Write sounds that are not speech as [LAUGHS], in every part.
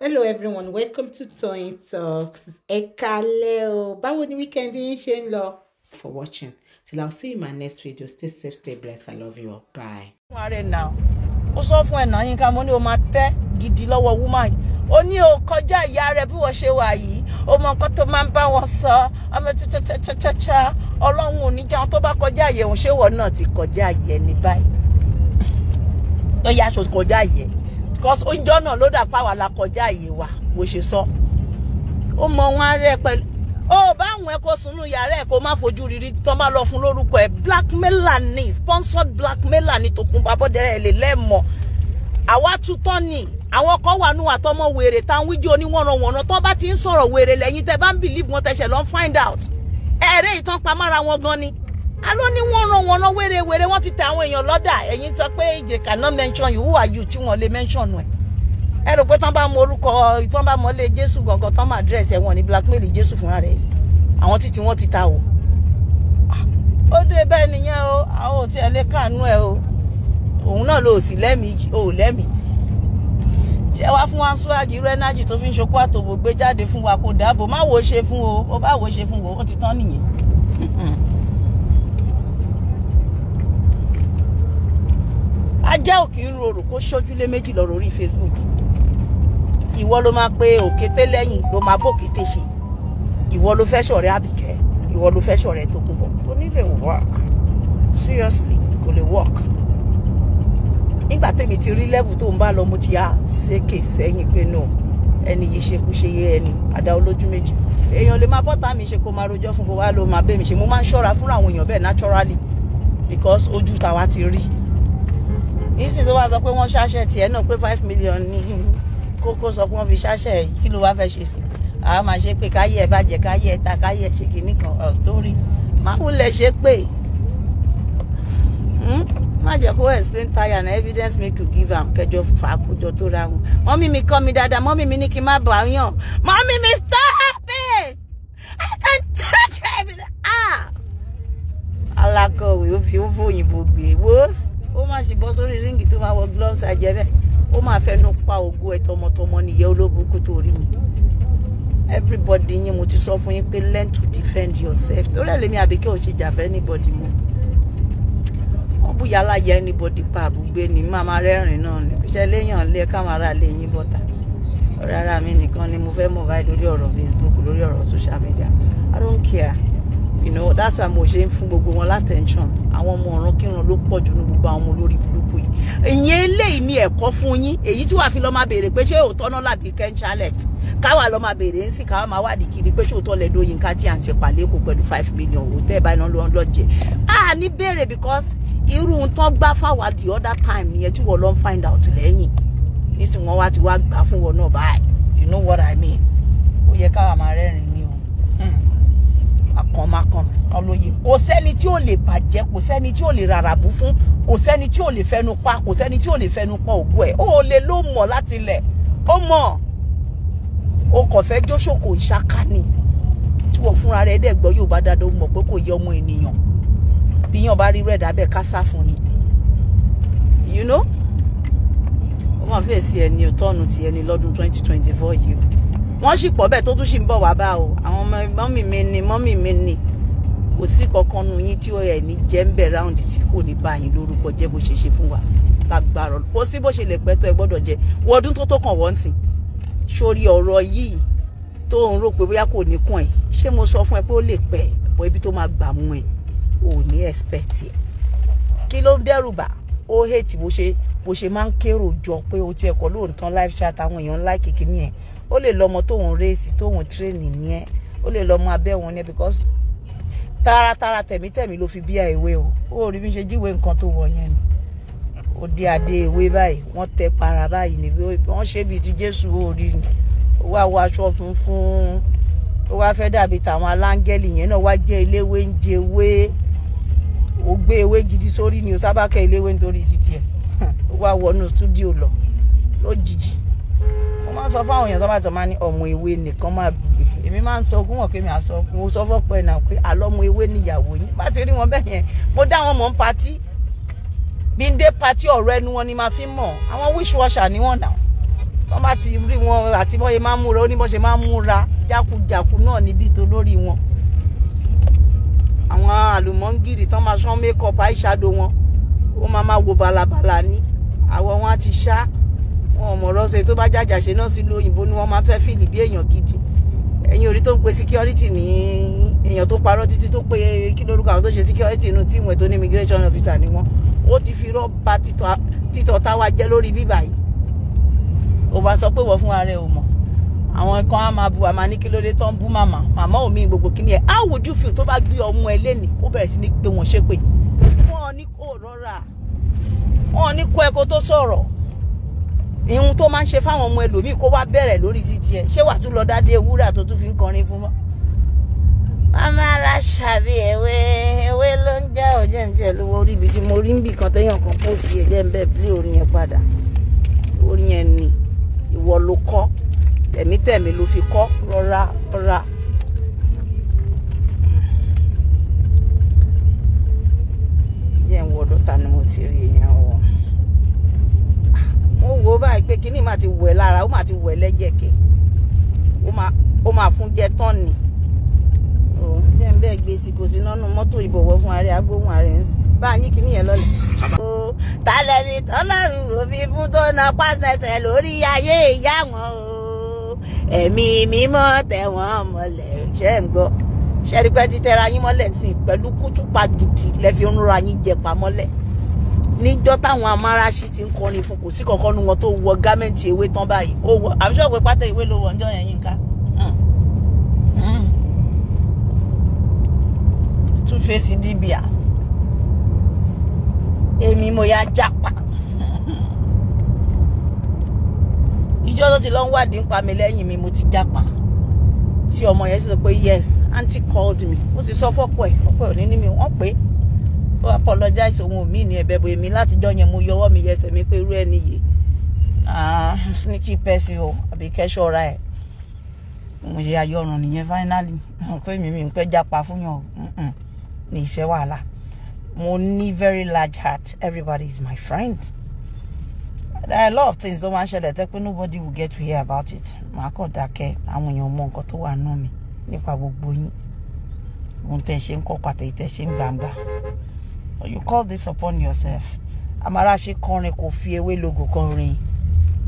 hello everyone welcome to Toyeen Talks ẹ kálẹ́ o báwo ni weekend yín ṣe ń lọ for watching till I see you in my next video stay safe stay blessed i love you all bye. fún ààrẹ náà ó sọ fún ẹ̀nà yín ká mo ní o máa tẹ́ gidi lọ́wọ́ woman ó ní o kọjá ìyá rẹ bí wọ́n ṣe wà yìí ó mọ nǹkan tó máa ń bá wọn sọ ọmọ chachachachacha ọlọ́run ò ní jẹun tó bá kọjá àyẹ̀ ṣé wọ́n náà ti kọjá àyẹ̀ ní báyìí tó yá aṣọ kọjá àyẹ̀ because oúnjẹ náà ló dà pàwọ́ alákọjá iye wa bó ṣe sọ ó mọ wọn arẹ pẹ̀lú ó bá àwọn ẹ̀kọ́ sunú yàrá ẹ̀ kó má fojú rírí tó má lọ fún lórúkọ ẹ̀ blackmailer ni sponsored blackmailer ni Tòkunbọ̀ Abọ́dẹrẹ́ ẹ̀ lè lẹ́ẹ̀mọ́ àwa tutọ́ ni àwọn kan wà nù àtọmọ wèrè tá à ń wíjọ oníwọ̀nrọ̀wọ̀nrọ̀ tó bá ti ń sọ̀rọ̀ wèrè lẹ́yìn tẹ́ bá ń believe wọn tẹ̀sẹ̀ lọ́n find out ẹ̀ẹ́rẹ́ ìtàn pamára wọn gan ni aló ní wọ́n ràn wọ́n ná wérewère wọ́n ti ta àwọn èèyàn lọ́dà ẹ̀yin sọ pé they cannot mention you who are you tí wọ́n lè mention ẹ̀ ẹ rò pé tán bá mọ orúkọ tán bá mọ lé jésù gangan tán máa dírẹ̀sì ẹ̀wọ̀n ní blackmail jésù fúnra rẹ̀ àwọn títí wọ́n ti ta o ah, ó dé bẹ́ẹ̀ nìyẹn o àwọn ò tiẹ̀ lè kàánú ẹ o òun náà ló sì lẹ́mìí o ò lẹ́mìí tí ẹ wá fún wa ṣúwájú irú ẹnájì tó fi ń ṣokú àtòbò gbé jáde fún wa kó dáàbò má wo ṣe fún o ó bá wo ṣe fún o ó ti tán nìyẹn. ajá òkè ń rorò kó ṣojú lé méjì lọ lórí Facebook ìwọ ló máa pe òkété lẹ́yìn ló máa bò kété ṣe ìwọ ló fẹ́ ṣọ̀rẹ́ àbíkẹ́ ìwọ ló fẹ́ ṣọ̀rẹ́ tó kún bọ̀ kò ní lè work seriously kò lè work nígbà tèmi ti rí level tó ń bá lọ mo ti yà sékè sẹ́yìn pé no ẹni yìí ṣekú ṣe yé ẹni àdá olójú méjì èèyàn lè máa bọ́tà mi ṣe kó máa rojọ́ fún kó wá ló máa bẹ́ mi ṣe mo máa ń ṣọ́ra fúnra àwọn èèyàn bẹ́ẹ̀ naturally because ojú tàwa ti rí ìsìn tó bá sọ pé wọ́n ṣáṣẹ̀ tiẹ̀ náà pé five million ní kókó sọ pé wọ́n fi ṣáṣẹ̀ kí ló wá fẹ́ ṣe sí a máa ṣe pé káyé ẹ bàjẹ́ káyé ẹ ta káyé ẹ ṣe kìíní kan ọ̀ sítórì máa wúlẹ̀ ṣe pé hmm? má jẹ́ kó explain tire na evidence make you give am kẹjọ fà kójọ tó ra wọn mọ́mí mi kọ́ mi dáadáa mọ́mí mi ní kí n má bà á yàn mọ́mí mi stop it I can take it ah alákọ̀wé ó fi ó fòyìnbó gbé wọ́ọ́sì má ṣe bọ́ sórí ríǹgì tó máa wọ gloves àjẹbẹ́ ó máa fẹnu pa ògo ẹ̀ tọmọtọmọ nìyẹn olóbùkú tó rí yìí everybody yín mo ti sọ fún yín pé learn to defend yourself torí ẹ̀ lèmi àbíkẹ́ ò ṣe jà fẹ́ anybody mọ́ wọ́n bùyá láyé anybody pa àbúgbé ni màmá rẹ́rìn náà ni iṣẹ́ léèyàn lé kámárà lé yín bọ́ta rárá mi nìkan ni mo fẹ́ mọ̀ báyìí lórí ọ̀rọ̀ Facebook lórí ọ̀rọ̀ social media I don't care you know that's why mo ṣe ń fún gbogbo wọn látẹ̀ǹṣàn àwọn ọmọ ọ̀ràn kíran ló pọ̀ jù ní gbogbo àwọn olórí burúkú yìí ìyẹn eléyìí mi ẹ̀kọ́ fún yín èyí tí wàá fi lọ́ọ́ máa béèrè pé ṣé òótọ́ náà làbí ken charlotte káwa lọ́ọ́ máa béèrè ń sì káwa máa wádìí kiri pé ṣé òótọ́ lẹ́dọ̀ yín ká tí à ń ti pàlẹ́ kó pẹ̀lú five million òótọ́ ẹ̀ báyìí náà lọ́ọ́ jẹ́ a ní béèrè because irú tán gbá fáwa the other time yẹn tí wọ́n lọ́ọ́ find out lẹ́yìn nísìnyí wọ́n wá ti wá gbà fún wọn náà báyìí you know what I mean ó yẹ káwa máa rẹ́rìn kò sẹ́ni tí ò lè bàjẹ́ kò sẹ́ni tí ò lè ràràbù fún kò sẹ́ni tí ò lè fẹnu pa kò sẹ́ni tí ò lè fẹnu pa ògùn ẹ̀ ó lè ló mọ̀ láti ilẹ̀ ó mọ̀ o kò fẹ́ jóṣòkò ìṣáká ni tí wọ́n fúnra rẹ̀ dẹ̀ gbọ́ Yorùbá dáadáa ó mọ̀ pé kò yẹ ọmọ ènìyàn bí yàn bá rí rẹ̀ dábẹ́ kásá fún ni you know ó máa fẹ́ sí ẹni ọ̀tọ́nu ti ẹni lọ́dún twenty twenty four yìí wọ́n sì pọ̀ bẹ́ẹ̀ tó tún sì ń bọ̀ wá bá o àwọn ọmọ mọ́mì mi ni mọ́mì mi ni kò sí kankan nu yín tí ó yẹ ní jẹ́ ń bẹ̀ ráùndì tí kò ní bá yín lórúkọ jẹ́ bó ṣe ṣe fún wa lágbára kò sí bó ṣe lè pẹ́ tó ẹ gbọ́dọ̀ jẹ wọ́dún tó tó kàn wọ́n sìn sórí ọ̀rọ̀ yìí tó ń rò pé bóyá kò ní kàn ẹ́ ṣé mo sọ fún ẹ pé ó lè pẹ́ bọ́ ibi tó máa gbà mú ẹ ò ní expect ẹ kí ló ń dẹ́rù bà ó hate bó ṣe bó ṣe máa ń kérò jọ pé o ti ẹ̀kọ́ lóòótọ́ live chat àwọn èèyàn ńlá kékeré yẹn ó lè lọ́mọ tóun réèsì tóun tírèènì ní ẹ ó lè lọ́mọ abẹ́ wọn ní ẹ because taratara tẹ̀mítẹ̀mí ló fi bíà ìwé o ó rí bí n ṣe jíwèé nǹkan tó wọ yẹn ni ó dé adé ìwé báyìí wọ́n tẹ para báyìí níbi wọ́n ṣe bíi ti jésù ó rí ni ó wá wọ aṣọ funfun ó wá fẹ́ dàbí tàwọn aláǹgẹ́lì yẹn náà wá jẹ́ eléwé ń jẹ ewé ó gbé ewé gidi sórí ni ó sábà kẹ́ eléwé nítorí títí ẹ̀ ó wá wọnú stúdíò lọ lójijì wọ́n máa sọ fáwọn èèyàn tó máa ní ọmọ ewé nìkan máa bèbè èmi máa ń sọkún wọn kí mi à sọkún mo sọ fọ́pọ̀ ẹ̀ náà pé àlọ́mọ ewé níyàwó yín bá ti rí wọn bẹ́ẹ̀ yẹn mo dá wọn mọ̀ ń patí bí ń dé patí ọ̀rọ̀ ẹnu wọn ni màá fi mọ̀ àwọn wíṣíwọ́ṣà ni wọ́n nà wọ́n bá ti rí wọn àti bọ́yẹ máa ń múra ó ní bọ́ṣe máa ń múra jákujàku náà níbi tó lórí wọn àwọn àlùmọ́ngìrì tán máa ṣán mékọ̀pù àìṣàdó wọn ó máa máa wo balabala ní àwọn wọn á ti ṣá wọn ò mọ̀ rọ́ṣẹ́ tó bá jàjàṣe náà sí lóyìnbó ni wọ́n máa fẹ́ fìlì bí èèyàn gidi ẹ̀yin orí tó ń pe security ní èèyàn tó parọ́ títí tó pé kí lórúkọ àwọn tó ṣe security inú tíìmù ètò ní immigration officer ni wọ́n ó ti fi rọ́ọ̀bà títọ́ táwa jẹ́ lórí bíbà yìí ó bá sọ pé wọ́n fún ara ò mọ̀ àwọn kan á máa bu àmà ní kí lóde tó ń bú màmá màmá òmí gbogbo kí ni ẹ how would you feel tó bá gbé ọmọ ẹ lẹ́nìí ó bẹ̀rẹ̀ sí ní pé wọ́n ṣépè wọ́n ní kó rọra wọ́n ní kó ẹ kó tó sọ̀rọ̀ ìhun tó máa ń ṣe fáwọn ọmọ ẹlòmíì kó wá bẹ̀rẹ̀ lórí títí ẹ ṣé wà tún lọ dádé wúrà tó tún fi ń kọrin fún mọ́. màmá aláṣàbí ewé ewé ló ń já òjò ní tiẹ̀ lówó orí ibi tí mo rí ń bì kan téèyàn kan kó fi ẹ̀jẹ̀ ń bẹ̀ bí orin yẹn padà orin yẹn ni ìwọ ló kọ́ tẹ̀mítẹ̀mí ló fi kọ́ rọra rọra. yẹn wọ dọ́ta ni mo ti rí èèyàn wọ̀ wọ́n wò ó báyìí pé kíní máa ti wẹ̀ lára ó máa ti wẹ̀ lẹ́jẹ̀ ó máa fún jẹ́ tán ni bẹ́ẹ̀ bẹ́ẹ̀ gbé sí kò sí nánú mọ́tò ìbọ̀wọ́ fún ààrẹ agbóhùn ààrẹ ń sìn bá yín kìíní yẹn lọ́lẹ̀. o ta tọ́lọ́run òfin fún tó na pásẹsẹ lórí ayé ìyá wọn o ẹ̀mí mímọ́ tẹ̀ mọ́lẹ̀ ṣẹ́ ń gbọ́ ṣẹ́rípẹ́ ti tẹ́ra yín mọ́lẹ̀ sí pẹ̀lú kútùpá gidi lẹ́fi ń ra yín jẹ pamọ́lẹ̀ níjọ́ táwọn amáraṣí ti ń kọrin fún kò sí kankan nu wọn tó wọ gámẹ́ǹtì ewé tán báyìí ó wọ àbíṣọ́ pé pátá ìwé ló wọ ọjọ́ yẹn yín ká. Hmm. Hmm. two face dibia èmi mo ya japa ìjọ tó ti lọ ń wádìí ń pa mi lẹ́yìn mi mo ti japa tí ọmọ yẹn sọ pé yes aunty called me ó sì sọ fọ́pọ̀ ẹ̀ ọ̀pọ̀ ẹ̀ ò ní ní mi wọ́n pè é. ó apologize òun mi ní ẹ̀bẹ̀ emi lati jọ yẹn mo yọwọ́ mi yẹsẹ̀ mi pé irú ẹni yìí ah, sneaky person o àbí kẹ́sọ̀ ọ̀ra ẹ̀ mo yẹ ayọ̀rùn nìyẹn finally pé mi mi japa fún yàn ní ìfẹ́ wàhálà mo ní very large heart everybody is my friend there are a lot of things tó máa ń ṣẹlẹ̀ tẹ́ pé nobody will get to hear about it màá kàn dákẹ́ àwọn èèyàn mọ nǹkan tó wà nípa gbogbo yín ohun So you call this upon yourself. Amaraṣe kọrin kò fi ewé logo kọrin.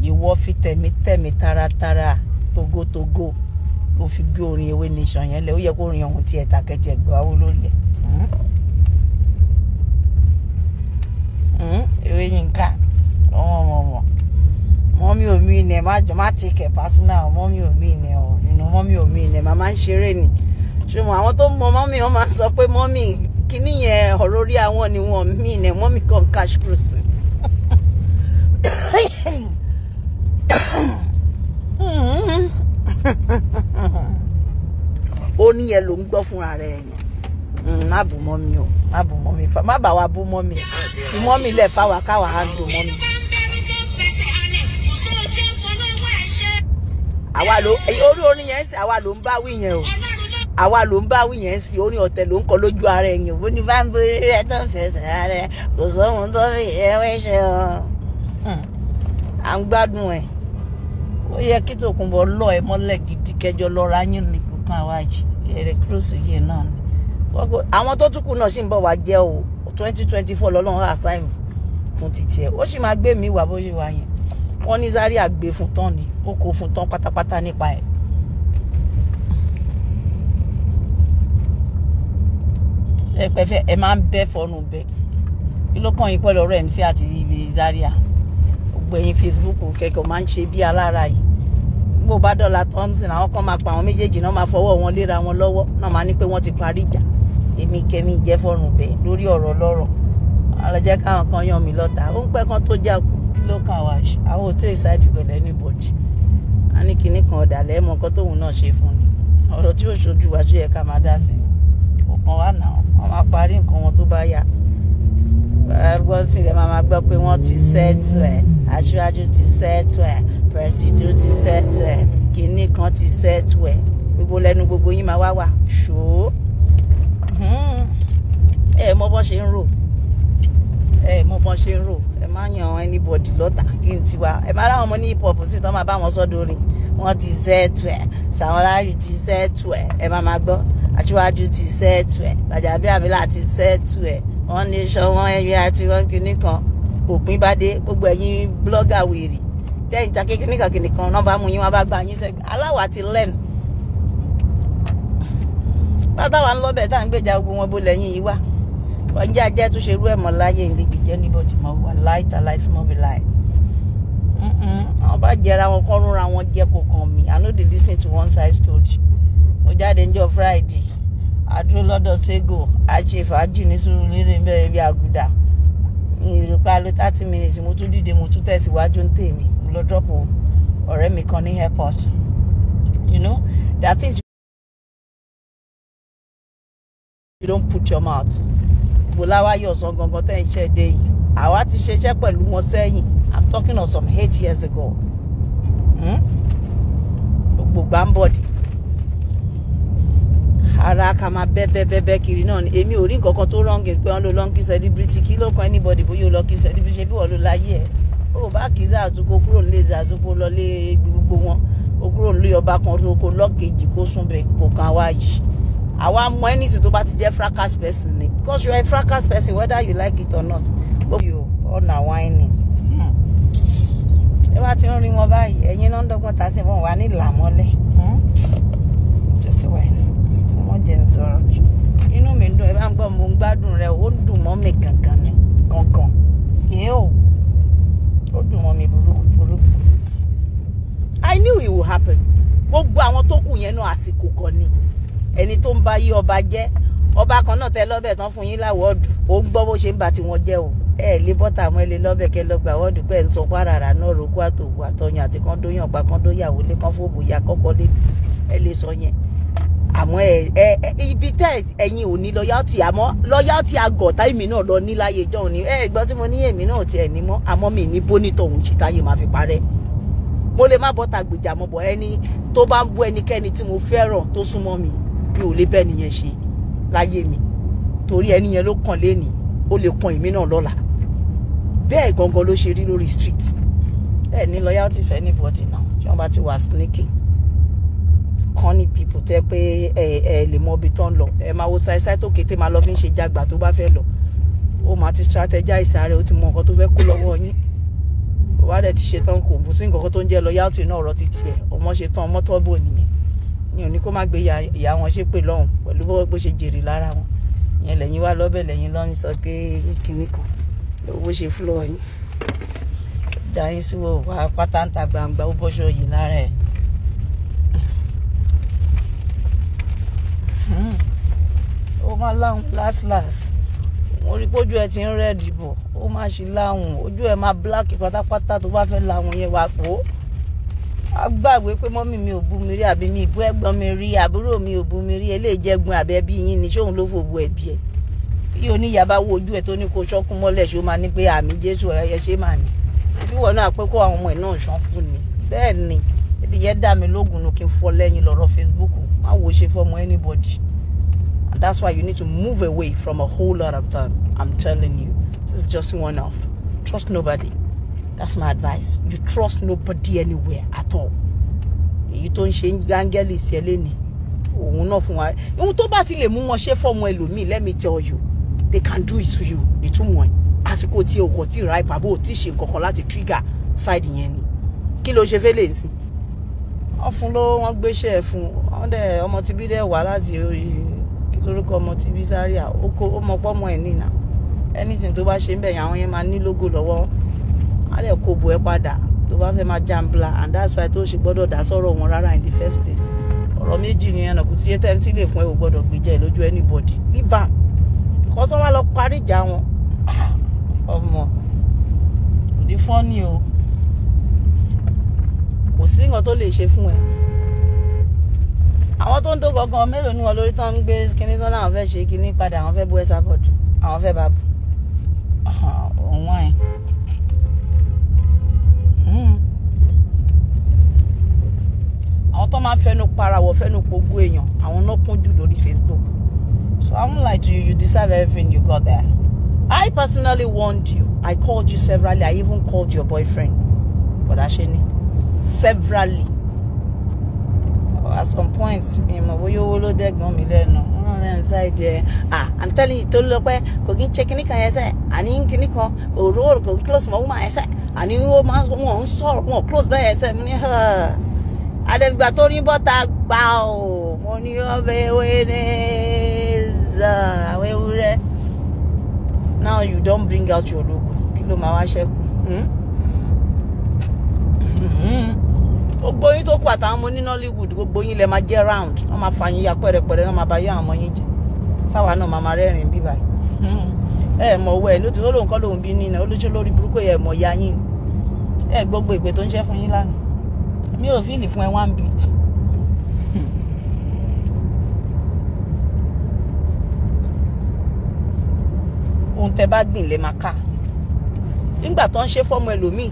Ìwọ fi tẹ̀mítẹ̀mí taratara togotogo ló fi gbé orin ewé nation yẹn lẹ̀. Ó yẹ kó orin ọ̀hún tiẹ̀ tàkẹ́tì ẹ̀gbẹ́ wa wó lórí ẹ̀. Hmm? Hmm? Ewé yín ká ọmọ ọmọ Mọ́mí omi ilẹ̀ má jọ má take it personal mọ́mí omi ilẹ̀ ọ̀ nínú mọ́mí omi ilẹ̀ màmá ń ṣeré ni. Ṣùgbọ́n àwọn tó ń mọ mọ́mí wọn máa sọ pé mọ́mí kínní yẹn ọ̀rọ̀ orí àwọn ni wọ́n mí ní wọ́n mi kàn cash cruise ni. ó ní yẹn ló ń gbọ́ fúnra rẹ̀ yẹn mm, má bù mọ́ mi o má bù mọ́ mi má bà wá bú mọ́ mi fi mọ́ mi lẹ̀ fáwa káwa á dùn mọ́ mi. àwa ló orí orin yẹn sì àwa ló ń bá wí yẹn o àwa ló ń bá wí yẹn sí orin ọ̀tẹ̀ ló ń kọ lójú ara ẹ̀yìn òbó ni bá ń borí rẹ̀ tó ń fẹsẹ̀ rẹ̀ kò sóhun tó fi ẹwẹ́ ṣe ọ́ hmm. à ń gbádùn ẹ̀ ó yẹ kí Tòkunbọ̀ lọ ẹ mọ́lẹ̀ gidi kẹjọ lọ́ra yín ní kókan àwa ẹ̀rẹ̀ kúròsì yìí náà àwọn tó tún náà sì ń bọ̀ wá jẹ́ o twenty twenty four lọ́lọ́run àṣàyàn fún títí ẹ̀ ó sì máa gbé mi wà bó ṣe wà yẹn wọ́n ní Zaria gbé fún tán ni ó kó fún tán pátápátá nípa ẹ̀ ẹpẹfẹ ẹ máa ń bẹ fọnù bẹ kí ló kàn yín pẹ̀lú ọ̀rọ̀ MC àti ibi Zaria gbẹ̀yìn Facebook kẹ̀kẹ́ máa ń ṣe bí alára yìí bó bá dọ̀la thompson àwọn kan máa pa àwọn méjèèjì náà máa fọwọ́ wọn léra wọn lọ́wọ́ náà máa ní pé wọ́n ti parí ìjà èmi kẹ́mi jẹ́ fọ̀rùn bẹ́ẹ̀ lórí ọ̀rọ̀ lọ́rọ̀ alẹ́jẹ́ káwọn kan yan mi lọ́ta ó ń pẹ́ kan tó jà kú kí ló kàn wá ṣe àwọn ò tẹ̀ ṣáàjù pẹ̀lú ẹni bọ̀jì a ní kinní kan ọ̀dà lẹ́mọ̀ kan tóun náà ṣe fún ni ọ̀rọ̀ tí ò ṣojú wa yẹ ká máa dá sí i kò kàn wá nà án máa parí nǹkan wọn tó bá yá ẹgbọ́nsì rẹ̀ máa máa gbọ́ pé wọ́n ti sẹ́ẹ̀tù ẹ̀ aṣáájú ti sẹ́ẹ̀tù ẹ̀ pẹ̀sìdú ti sẹ́ẹ̀tù ẹ̀ kínní kan ti sẹ́ẹ̀tù ẹ̀ gbogbo lẹ́nu gbogbo yín máa wá wà ṣòó hmm. ẹ mọ bọ́n ṣe ń rò ẹ mọ bọ́n ṣe ń rò ẹ má yan anybody lọ́tà kí n tiwa ẹ má ráwọn ọmọ ní hip hop sí tán máa bá wọn sọ́dọ̀ rìn wọ́n ti sẹ́ẹ̀tù ẹ̀ sàwọn láàyè ti sẹ́ẹ̀tù ẹ̀ ẹ má máa gbọ́ aṣíwájú ti sẹ́ẹ̀tù ẹ̀ Gbajabiamila ti sẹ́ẹ̀tù ẹ̀ wọ́n ní sọ wọ́n ẹyẹ àti wọ́n kíní kan kò pín bá dé gbogbo ẹ̀yin blọ́gà wèrè tẹ́yìn ta kíní kan kíní kan náà bá mú yín wọ́n bá gba yín sẹ́gbẹ́ aláwọ̀ àti lẹ́nu pátáwa ń lọ́bẹ̀ tá à ń gbèjà gbogbo wọn bó lẹ́yìn yìí wá ọjà jẹ́ tó ṣe irú ẹ̀mọ́ láyé ilé gbìjẹ́ níbọ̀dì mọ́ wà láì ta láì small be láì àwọn bá jẹra wọn kọ́ rúnra wọn jẹ́ kó kàn mí I no dey listen to one side story mo jáde ńjọ́ friday àdúró lọ́dọ̀ sego àṣe ní Sùúrùlérè ń bẹ̀rẹ̀ bí àgùdà ìrùpa ló thirty minutes mo tún dìde mo tún tẹ̀síwájú ń tèmi mo lọ drop ọ̀rẹ́ mi kan ní airport you know there are you don't put your mouth bolawayo ọ̀sán gangan tẹ́ ń ṣe dé yìí àwa ti ṣiṣẹ́ pẹ̀lú wọn sẹ́yìn i'm talking of some eight years ago hmm? gbogbo gbàǹbọ̀dì ara ká máa bẹ́ẹ̀ bẹ́ẹ̀ kiri náà ni èmi ò rí nǹkan kan tó rọ́ǹgì pé wọ́n ló lọ́ǹgì celebrity kí ló kan anybody bóyá ó lọ kí celebrity ṣe bí wọ́n ló láyé ẹ̀ ó bá kì í zàzúkó kúrò nílé zàzúkó lọlé gbogbo wọn ó kúrò nílé ọba kan tó kó lọ́gẹ̀jì kó sún bẹ̀ kó kan wá yìí àwa mọ anything tó bá ti jẹ́ fracas person ni because you are a fracas person whether you like it or not ọ̀nà whining hmm. ẹ bá ti ń rí wọn báyìí ẹ̀yin náà ń dọ́gbọ́n ta sí wọn wà ní ìlàmọ́lẹ̀ hmm. just wine jẹ́ ń sọ̀rọ̀ inú mi ń dùn ẹ bá ń gbọ́ mo ń gbádùn rẹ ó ń dùn mọ́ mi kankan ni kankan yìí ó ó I knew it would happen gbogbo àwọn tó kù yẹn náà àsìkò kan ni ẹni tó ń bá yí ọba jẹ́ ọba kan náà tẹ not tán fún yín láwọ́ọ̀dù ó ń gbọ́ bó ṣe ń bá tiwọn jẹ́ o ẹ lè bọ́tà mọ́ ẹ lè lọ́bẹ̀ kẹ lọ gbà wọ́ọ̀dù pé ẹ̀ ń sọ párara náà rògbò àtòwò àtọyàn àti kan dóyàn pa kan dóyàwó lé kan fòbòyà kọ́kọ́ lé ẹ lè sọ yẹn àmọ́ ẹ ẹ ibi tẹ́ ẹ̀yin ò ní lọ́yàtì àmọ́ lọ́yàtì àgọ̀tá èmi náà lọ ní láyé jọ̀hún ni ẹ gbọ́ tí mo ní èmi náà tiẹ̀ ní mọ́ àmọ́ mi ní bónítọ̀ òun ṣì táyé máa fi parẹ́ mo lè má bọ́ gbèjà mọ́ bọ̀ ẹni tó bá ń bú ẹnikẹ́ni tí mo fẹ́ràn tó súnmọ́ mi mi ò lè bẹ́ẹ̀ nìyẹn ṣe láyé mi torí ẹni yẹn ló kàn lé ní ó lè kan èmi náà lọ́la bẹ́ẹ̀ gangan ló ṣe rí lórí street ẹ ní lọ́yàtì fẹ́ anybody náà tí wọ́n bá ti wà sneaking uncanny people tó yẹ pé ẹ ẹ lè mọ ibi tó ń lọ ẹ máa wo ṣáìṣáì tó kété máa lọ fi ń ṣe jágbà tó bá fẹ́ lọ ó máa ti strategize ààrẹ ó ti mọ nǹkan tó fẹ́ kó lọ́wọ́ yín wà á dẹ̀ ti ṣetán kò bù sí nǹkan tó ń jẹ́ lọ yáàtì náà ọ̀rọ̀ ti tiẹ̀ ọmọ ṣetán ọmọ tọ́bù nìyẹn ni òní kó má gbé ìyá wọn ṣépè lọ́hùn pẹ̀lú bó ṣe jèrè lára wọn ìyẹn lẹ́yìn wá lọ́bẹ̀ lẹ́yìn lọ́yìn sọ pé kinní kan owó ṣe fúlọ̀ yín dáyín sí wò wá pátá ń ta gbangba ó bọ́ṣọ yìí lára ẹ̀ ó máa láhùn lásìlás mo rí pójú ẹ ti ń rẹ́ẹ̀dì bọ̀ ó máa ṣe láhùn ojú ẹ máa bíláàkì pátápátá tó bá fẹ́ láhùn yẹn wà pọ̀ á gbàgbé pé mọ́mì mi ò bú mi rí àbí mi ìbú ẹ̀gbọ́n mi rí àbúrò mi ò bú mi rí eléjẹ̀gbọ́n àbẹ́bí yín ni ṣóun ló fòbu ẹ̀bí ẹ̀ bí oníyàbá wo ojú ẹ̀ tó ní kó ṣọ́kún mọ́lẹ̀ ṣó máa ní pé àmì jésù ẹ̀ ṣe máa ní bí wọn náà pé kó àwọn ọmọ ẹ̀ náà ṣọ́kún ni bẹ́ẹ̀ ni ìdíyẹ dá mi lógun nù kí n fọ lẹ́yìn lọ́rọ̀ Facebook má wo ṣe fọmọ anybody. That's why you need to move away from a whole lot of them. I'm telling you, this is just one off. Trust nobody. That's my advice. You trust nobody anywhere at all. You don't change ṣe ń gángẹ́lì sí ẹlẹ́ni òun náà fún wa ohun tó bá let me tell you they can do it to you ìtumọ̀ ẹ̀ àsìkò tí o kò tí ì ra ipa bó o ti ṣe nǹkan trigger side yẹn ni kí ló ṣe fẹ́ lè sìn. ọ̀fun ló wọ́n gbéṣẹ́ fún ọmọ tí lórúkọ ọmọ ti bí Zaria ó kó ó mọ ẹ̀ nìyà anything tó bá ṣe ń bẹ̀ yẹn àwọn yẹn máa ní lógo lọ́wọ́ á lẹ̀ kó bo ẹ padà tó bá fẹ́ máa jambla and that's why tó ṣe gbọ́dọ̀ dá sọ̀rọ̀ wọn rárá in the first place ọ̀rọ̀ méjì ni ẹnà kò sí yé tẹ́ sílẹ̀ fún ẹ ò gbọ́dọ̀ gbèjà ẹ lójú anybody bíbá kọ́ wá lọ parí ìjà wọn ọmọ kò ní fọ́ọ̀nì o kò sí nǹkan tó lè ṣe fún ẹ àwọn tó ń tó gangan mélòó ni wọn lórí tán ń gbé kinní tán láwọn fẹ́ ṣe kinní padà àwọn fẹ́ bu ẹ sábọ̀dù àwọn fẹ́ bá bu ọ̀wọ́n ẹ̀. Hmm. àwọn tó máa ń fẹnu parawọ̀ fẹnu pogo èèyàn àwọn náà kún jù lórí Facebook so I'm like you you deserve everything you got there I personally warned you I called you severally I even called your boyfriend bọ̀dá ṣe ni severally at some point mi mọ̀ bóyá owó ló dẹ́gbọ́n mi lẹ́nu wọn náà lẹ́nu ṣáìdì ẹ̀ ah i'm telling you tó lọ pé kò kí n ṣe kíní yẹn sẹ́ àní kíní kò rówó kò kí close mọ́ woman yẹn sẹ́ àní wọ́n ń sọ̀rọ̀ wọ́n close bẹ́ẹ̀ yẹn sẹ́ mo ní àdẹ́gbà tó ní bọ́ta gbà ó mo ní ọbẹ̀ ewé ní ẹ̀ẹ́dà àwọn ewúrẹ́ now you don bring out your logo kí ló máa wá ṣẹ́kù. Mm-hmm gbogbo yín tó kù àtàwọn ọmọ ní Nollywood gbogbo yín lẹ máa jẹ́ round wọ́n máa fa yín ya pẹ́rẹpẹ́rẹ wọ́n máa bá yá àwọn ọmọ yín jẹ táwa náà máa máa rẹ́rìn bí báyìí [LAUGHS] ẹ mọ̀ owó ẹ ló ti lóun kọ́ lòun bí nínú olóṣó lórí burúkú ẹ mọ̀ ya yín ẹ gbogbo ìpè tó ń ṣẹ́ fún yín lánàá mi ò fíìlì fún ẹ one bit. [LAUGHS] ohun tẹ bá gbìn lè máa ká nígbà tó ń ṣe fọ́mọ ẹlòmíì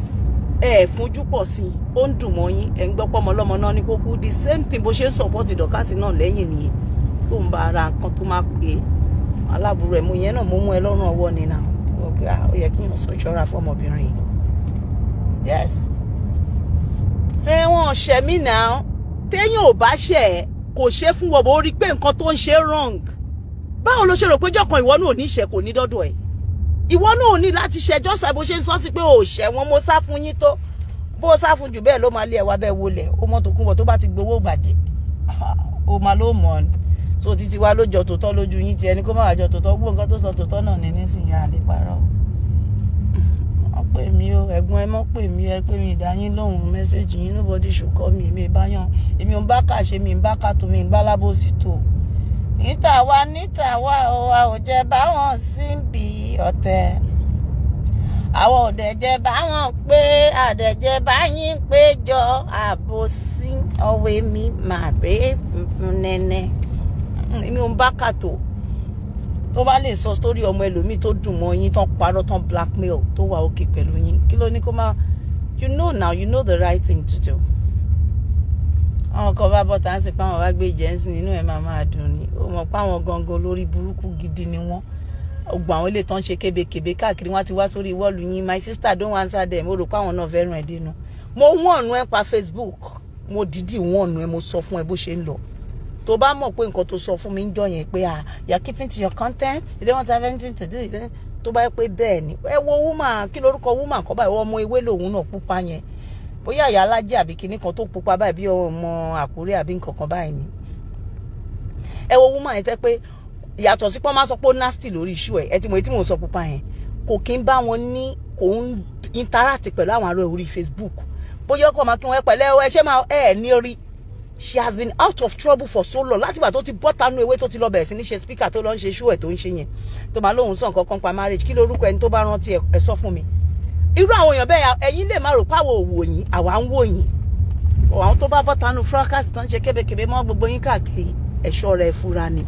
ẹ fojú pọ̀ sí i ó ń dùn mọ́ yín ẹ̀ ń gbọ́ pọ́mọ lọ́mọ náà ní kókó the same thing bó ṣe ń support ìdọ̀kásí náà lẹ́yìn nìyẹn tó ń bá ara nǹkan tó máa pè é aláàbúrò ẹ̀ mú yẹn náà mú mú ẹ lọ́rùn ọwọ́ ni na. Ah, ọ̀gá ó yẹ kí n sọ ìṣọ́ra fọmọbìnrin yìí yes ẹ wọn ọ̀ṣẹ́ mi náà téèyàn ò bá ṣẹ̀ ẹ́ kò ṣe fún wọ́n bó rí pé nǹkan tó ń ṣe wrong báwo ló ṣe rò pé jọ̀kan ìwọ náà ò ní ìṣẹ́ kò ní dọ́dọ̀ ẹ̀ ìwọ náà ò ní láti ṣẹjọ́ sá bó ṣe ń sọ sí pé ò ṣẹ̀ wọn mo sá fún yín tó bó sá fún jù bẹ́ẹ̀ ló máa lé ẹ̀wà bẹ́ẹ̀ wọlé ó mọ́ tó kún bọ̀ tó bá ti gbowó bàjẹ́ ó [LAUGHS] máa ló mọ̀ ni so títí wá lójọ tòótọ́ lójú yín ti ẹni kó má wàjọ tòótọ́ gbọ́ nǹkan tó sọ tòótọ́ náà ní nísìnyí àlè parọ́ wọ́n pè mí o ẹ̀gbọ́n ẹ mọ́ pè mí ẹ pé mi ìdáyín lóhùn mẹ́sẹ̀gì yín nobody should call me èmi ìbáyàn èmi ò ń bá kà ṣe mi ń bá kà tó mi ń gbá lábòsí tó o níta wa níta wa o a ò jẹ báwọn síbi ọ̀tẹ̀ àwọn òdẹ̀jẹ̀ báwọn pé àdẹ̀jẹ̀ báyìí ń péjọ àbòsí ọwọ́ èmi màá pé funfun nẹ́nẹ́ èmi ò ń bá kàtó tó bá lè sọ sórí ọmọ ẹlòmíì tó dùn mọ́ yín tán parọ́ tán blackmail tó wà òkè pẹ̀lú yín kí ló ní kó máa you know now you know the right thing to do àwọn kan bá bọ́ta ń sìn pé àwọn bá gbé jẹ́nsìn nínú ẹ̀ máa máa dùn ni ó mọ̀ pé àwọn gangan olórí burúkú gidi ni wọ́n gbogbo àwọn ilé tán ṣe kébékébé káàkiri wọn ti wá sórí wọ́ọ̀lù yín my sister don answer them mo rò pé àwọn náà fẹ́ràn ẹ̀ dínú mo wọ̀nù ẹ pa Facebook mo dìídì wọ̀nù ẹ mo sọ fún ẹ bó ṣe ń lọ tó bá mọ̀ pé nǹkan tó sọ fún mi ń jọ yẹn pé ah you are keeping to your content you don't want to have anything to do tó bá yẹ pé bẹ́ẹ̀ ni ẹ wo woman kí lorúkọ woman kọ́ báyìí ọmọ ewé lòun náà pupa yẹn bóyá ìyá alájẹ àbí kinní kan tó pupa báyìí bí ọmọ àkórí àbí nǹkan kan báyìí ni ẹ wo woman yẹn tẹ́ pé yàtọ̀ sí pọ́n máa sọ pé ó nasty lórí iṣu ẹ̀ ẹ ti mọ̀ èyí tí mò ń sọ pupa yẹn kò kí ń bá wọn ní kò ń interact pẹ̀lú àwọn ará orí Facebook bóyá ọkọ̀ máa kí wọ́n ẹ pẹ̀lẹ́ ẹ ṣe máa ẹ ní orí she has been out of trouble for so long látìgbà tó ti bọ́ tanú ewé tó ti lọ bẹ̀rẹ̀ sí ní ṣe speaker tó lọ ń ṣe ṣú ẹ̀ tó ń ṣe yẹn tó máa lóhùn sàn kankan pa marriage kí lórúkọ ẹni tó bá rántí ẹ sọ fún mi irú àwọn èèyàn bẹ́ẹ̀ ẹ̀yin lè má rò páwọ̀ òwò yín àwa ń wò yín àwọn tó bá bọ́ta nu tán ṣe kébékébé mọ́ gbogbo yín káàkiri ẹ̀ṣọ́ rẹ̀ fúra ni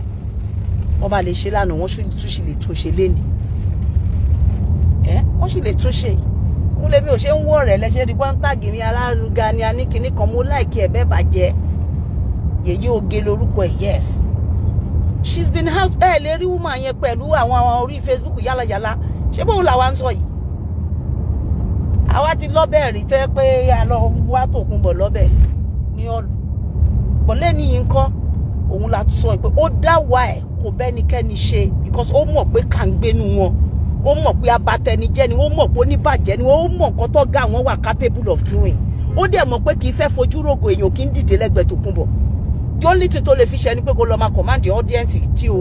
wọ́n bá lè ṣe lánàá wọ́n tún sì lè tún ṣe léni ẹ́ wọ́n sì lè tún ṣe ń lè mi ò ṣe ń wọ̀ rẹ̀ lẹ́ṣẹ́ rí bọ́ńtàgì ní aláruga ní aníkíní kan mo láìkí ẹ̀ bẹ́ẹ̀ bàjẹ́ yèyé oge lórúkọ ẹ̀ yes she's been out ẹ̀ lérí woman yẹn pẹ̀lú àwọn orí Facebook yálàyàlà ṣé bóun làwa sọ yìí àwa ti lọ́bẹ̀ rí tẹ́ pé a lọ wá tòkunbọ̀ lọ́bẹ̀ ní ọ̀lù bọ̀lẹ́ ní yín kọ́ òun la sọ pé ó dá wa ẹ̀ kò bẹ́nikẹ́ni ṣe because ó mọ̀ pé kàǹgbénu wọn ó mọ̀ pé abatẹnijẹ́ ni ó mọ̀ pé oníbàjẹ́ ni ó mọ̀ nǹkan tó ga àwọn wà capable of doing ó dẹ̀ mọ̀ pé kì í fẹ́ fojú rògò èèyàn kì í dìde lẹ́gbẹ̀ẹ́ Tòkunbọ̀ jọ́lí tí tó lè fi ṣe ni pé kó lọ́ọ́ máa command the audience tí ó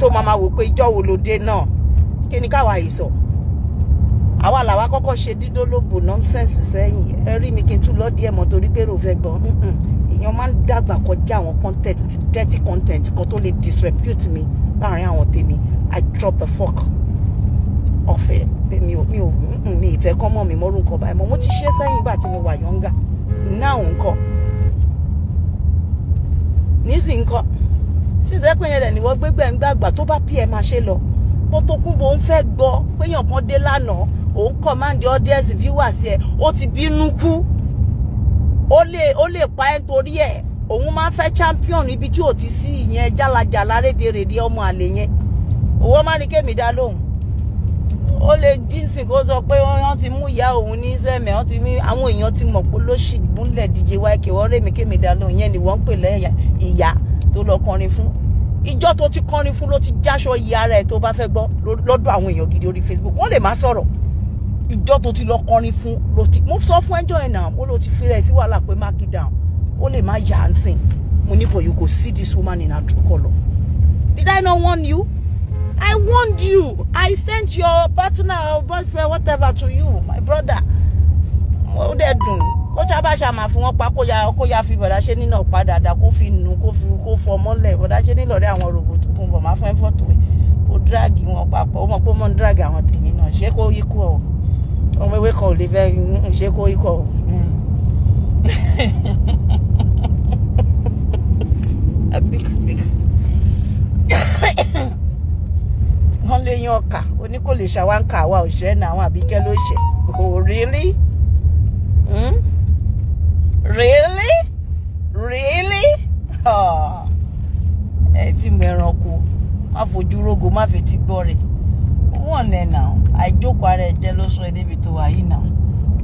tó máa máa wò pé ìjọ́ wo ló dé náà kí ni káwa yìí sọ àwa làwa kọ́kọ́ ṣe dídólóbò nọ́nsẹ̀nsì sẹ́yìn ẹ rí mi kí n tún lọ díẹ̀ mọ́ torí pé ròfẹ́ gan èèyàn máa ń dàgbà kọjá àwọn content dirty content kan tó lè disrepute mi láàrin àwọn tèmi I drop the fuck ọ̀fẹ́ mi ò mi ò mi ìfẹ́ kọ́ mọ́ mi mọ́rú nǹkan báyìí mọ́ mo ti ṣe sẹ́yìn ìgbà tí mo wà yọ̀ǹgà náà nǹkan nísì nǹkan sísè pé yẹn rẹ̀ ni wọ́n gbégbẹ́ ń gbàgbà tó bá pí ẹ̀ máa ṣe lọ bó tó kún bó ń fẹ́ gbọ́ péyàn kan dé lánàá ò ń command audience viewers ẹ ó ti bínú kú ó lè ó lè pa ẹ́ torí ẹ̀ òun máa ń champion ibi tí ò ti sí ìyẹn jálajàla rédèrèdè ọmọ àlè yẹn owó má ní kémi dá lóhùn ó lè jíǹsì kó sọ pé wọ́n ti mú ìyá òun ní sẹ́mẹ̀ wọ́n ti mú àwọn èèyàn ti mọ̀ pé ló ṣì gúnlẹ̀ díje wáyé kí wọ́n rémi kémi dá lóhùn yẹn ni wọ́n ń pè lẹ́yà ìyá tó lọ kọrin fún ìjọ tó ti kọrin fún ló ti jáṣọ iye ara ẹ̀ tó bá fẹ́ gbọ́ lọ́dọ̀ àwọn èèyàn gidi orí Facebook wọ́n lè má sọ̀rọ̀ ìjọ tó ti lọ kọrin fún ló ti mo sọ fún ẹjọ́ yẹn mo ló ti fi sí wàhálà pé mark down ó lè má yà á nsìn mo ní but you go see this woman in her true colour did I not warn you I warned you I sent your partner or boyfriend whatever to you my brother ó dẹ̀ dùn kó tí a bá ṣàmà fún wọn pa kó ya kó ya fi bọ̀dá ṣe nínà pa dáadáa kó fi nù kó fi kó fọ mọ́lẹ̀ bọ̀dá ṣe nílò rẹ̀ àwọn rògbò kún bọ̀ máa fẹ́ fọ́tò ẹ̀ kó dírágì wọn papọ̀ ó mọ̀ pé ó mọ̀ ń dírágì àwọn tèmi náà ṣé kó yí kú ọ̀. ọmọwé [LAUGHS] [COUGHS] kan lè fẹ́ ṣe ikọ ikọ̀ o. abix bix wọ́n ọkà oní kò lè ṣàwáǹkà àwa òṣẹ́ náà àwọn àbíkẹ́ oh, really hmm? really really ẹ ti mọ ẹranko má fojú on there now àìjókòó ara ẹ̀ jẹ́ ló sọ ẹ́ débi now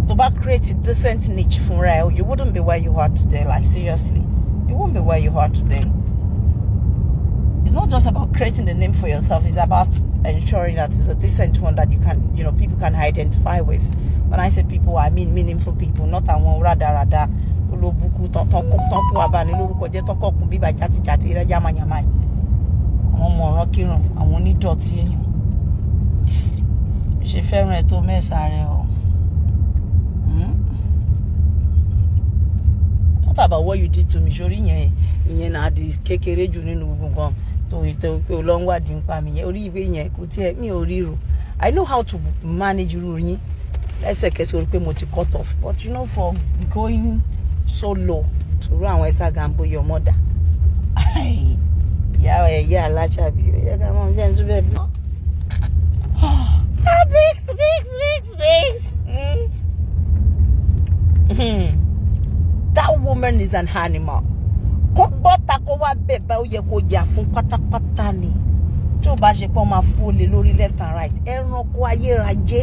tó bá create a decent niche for ẹ̀ you wouldn't be where you are today like seriously you won't be where you are today it's not just about creating the name for yourself it's about ensuring that it's a decent one that you can you know people can identify with when i say people i mean meaningful people not àwọn one. olóbùkú tọ́kùn abanilórúkọ jẹ́ tọ́kọ̀kùn bíbá játijàti rẹ́ yàmàyàmà àwọn ọmọ ọ̀ràn kírun àwọn ṣe fẹ́ràn ẹ̀ tó mẹ́sàn-án rẹ o. Hmm? What about what you did to me? sori yẹn ìyẹn na di kékeré jù nínú to nǹkan tó tó pé o lọ ń wádìí mi yẹn orí ìwé yẹn kò mi oriro I know how to manage irú yín lẹ́sẹ̀kẹsẹ̀ orí pé mo ti cut off but you know for going so low to ru àwọn ẹ̀sà gambo your mother [LAUGHS] ìyá ẹ̀ yá aláṣà bí ẹ̀ ká mọ̀ ọ́n jẹ́ Bix, Bix, Bix, Bix. Mm. Mm. That woman is an animal. Kó bọ́ta wa beba bẹ̀bẹ̀ ó yẹ kó yà fún pátápátá ni. Tó bá ṣe pọ́n máa fún olè lórí left and right. Ẹranko ayérajé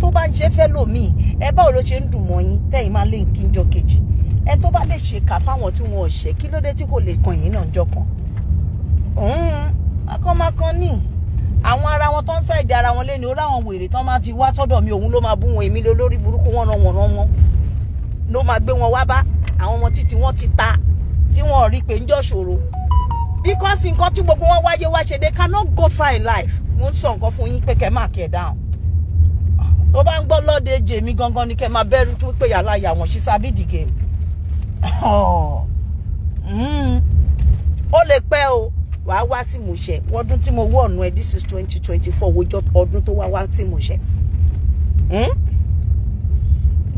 tó bá ń ṣe fẹ́ lòmíì. Ẹ báwo ló ṣe ń dùn mọ́ yín tẹ́yìn máa lé nǹkan jọ kejì. Ẹ tó bá lè ṣèkà fáwọn tí wọn ò ṣe kí ló dé tí kò lè kàn yín náà jọ kan. Hmm. Akọ́makọ́ nìyí àwọn ara wọn tó ń ṣàìdí ara wọn lé ní orí àwọn wèrè tó máa ti wá tọ́dọ̀ mi òun ló máa bú wọn èmi lólórí burúkú wọn ràn wọ̀n ràn wọn ló máa gbé wọn wá bá àwọn ọmọ títí wọn ti ta tí wọn rí pé ń jọ ṣòro because nǹkan tí gbogbo wọn wáyé wá ṣe they cannot go far life mo ń sọ nǹkan fún yín pé kẹ́ máa kẹ́ dáhùn tó bá ń gbọ́ lọ́dẹ èjè mi gangan ni kẹ́ máa bẹ́rù tó pé yàrá yà wọ́n ṣí sábì dìgẹ̀ ó lè pẹ́ o wàá wá sí ìmúṣẹ ọdún tí mo wọ ọ̀nà ẹ this is twenty twenty four wọjọ ọdún tó wá wá sí ìmúṣẹ. Hmm?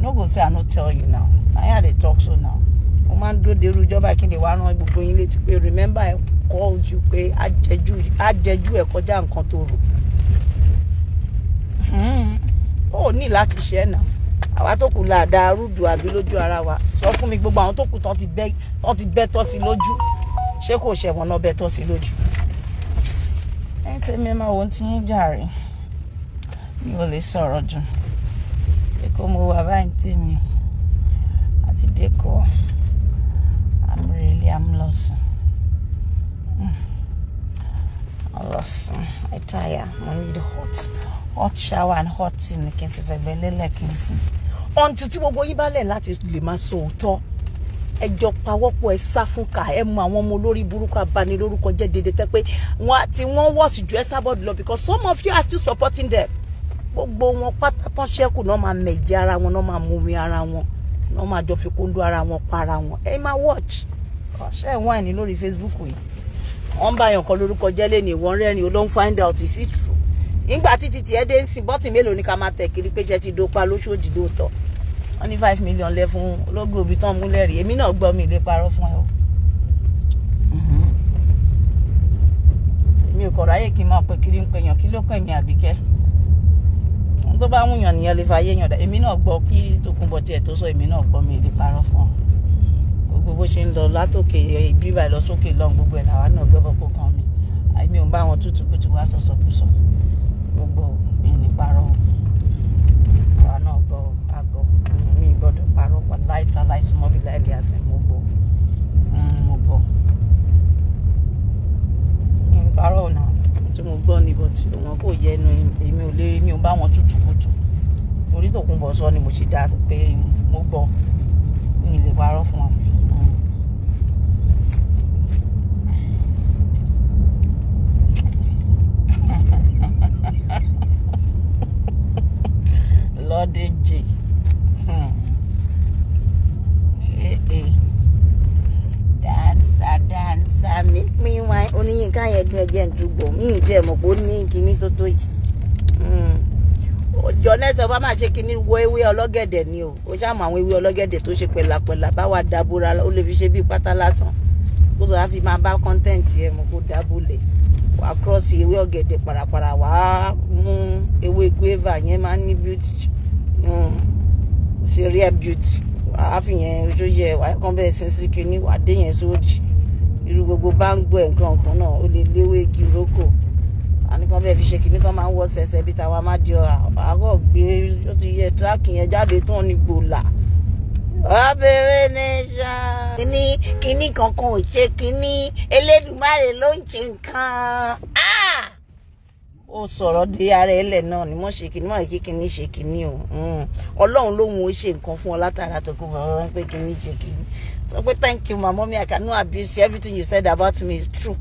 no go say i no tell you now na here i dey talk so now mo máa ń dúró de irú ìjọba kí n ran gbogbo yín létí pé remember i called you pé àjẹjú ẹ kọjá nǹkan tó rò ó hmm? ní láti ṣe ẹ̀ náà àwa tó kù là dáa rúdù àbí lójú ara wa sọ fún mi gbogbo àwọn tó kù tán ti bẹ́ tán ti bẹ́ tọ́ sí lójú ṣé kò ṣẹ̀wọ̀n náà bẹ tọ́ sí lójú. ẹ tẹ́mi máa wo ti yín jàre mi ò lè sọ̀rọ̀ jù èkó mo wà báyìí tèmi àti dẹ́kọ̀ amúrelé amúlọ́sùn amúlọ́sùn hmm. I tire mo need hot hot shower and hot tea ni kí n sì fẹ́ bẹ́ẹ̀ lélẹ̀ kí n sùn. ọ̀ǹtí tí gbogbo yín bá lẹ̀ láti lè máa sọ òótọ́. So ẹ jọ pawọ́pọ̀ ẹ sá fún ká ẹ mọ àwọn ọmọ olórí burúkú abanilórúkọ jẹ́ dédé tẹ́ pé wọ́n àti wọ́n wọ́ọ̀sì ju ẹ sábọ̀dù lọ because some of you are still supporting them gbogbo wọn pátá tán ṣẹ́kù náà máa mẹ̀jẹ̀ ara wọn náà máa mumi ara wọn náà máa jọ fi kóńdó ara wọn para wọn ẹ máa watch ṣe ẹ̀ wọ́n lórí Facebook yìí wọ́n bá yàn kan lórúkọ jẹ́ lé ní ìwọ̀n rẹ́rìn olóhùn find out is it true nígbà títí tiẹ̀ dé ń sìn bọ́tì mélòó ni ká máa tẹ̀ kiri pé ṣe ti dopa lóṣooṣì dóòtọ́ wọ́n ní five million lẹ fún ológo òbí tán múlẹ̀ rí èmi náà gbọ́ mi lè parọ́ fún ẹ o. mi ò kọ̀ ráyè kí n máa pè kiri ń pè yàn kí ló kàn mí àbíkẹ́ tó bá wùyàn nìyẹn lè fa ayé yàn dá èmi náà gbọ́ kí Tókunbọ̀ tiẹ̀ tó sọ èmi náà gbọ́ mi lè parọ́ fún ọ gbogbo bó ṣe ń lọ látòkè ìbí báyìí lọ gbogbo ẹ̀ làwa náà gbẹ́bọ̀ kó kàn mí àìmí ò bá wọn tútù kùtù wá sọ̀sọ̀ kù sọ gbogbo ò yẹnu èmi ò lè mi ò bá wọn tútù kùtù torí Tòkunbọ̀ sọ ni mo ṣe dá pé mo gbọ́ mi lè parọ́ fún wọn. ṣe kí ni wọ ewé ọlọ́gẹ̀dẹ̀ ni o ó ṣàmù àwọn ewé ọlọ́gẹ̀dẹ̀ tó ṣe pẹ̀lápẹ̀lá báwa dábòra ó lè fi ṣe bí pátá lásán kó tó fi máa bá kọ́ńtẹ́ǹtì ẹ̀ mú kó dábòlẹ̀ wàá kírọ́ọ̀sì ewé ọ̀gẹ̀dẹ̀ pàràpàrà wàá mú ewé guava yẹn máa ní beauty serial hmm, beauty wàá fi yẹn ojú yẹ wàá kàn bẹ́ẹ̀ sin sí kinní wàá dé yẹn sóòjì irú gbogbo bá ń gbọ́ ẹ̀ náà ó lè léwé igi rókò nìkan bẹ́ẹ̀ fi ṣe kìíní kan máa ń wọ ṣẹ̀ṣẹ̀ bí tàwa má di àárọ̀ gbé ó ti yẹ tíráàkì yẹn jáde tán ní gbòòlà obìnrin ní ṣá. kíní kíní kankan ò ṣe kíní elédùnmáre ló ń ṣe nǹkan. Ah! ó sọ̀rọ̀ di ara ẹlẹ̀ náà ni mo ṣe kíní mọ̀ kí kíní ṣe kíní o hmm. ọlọ́run ló mú un ṣe nǹkan fún ọ látara tó kó bàbá pé kíní ṣe kíní sọ pé thank you my mommy I cannot abuse everything you said about me is true.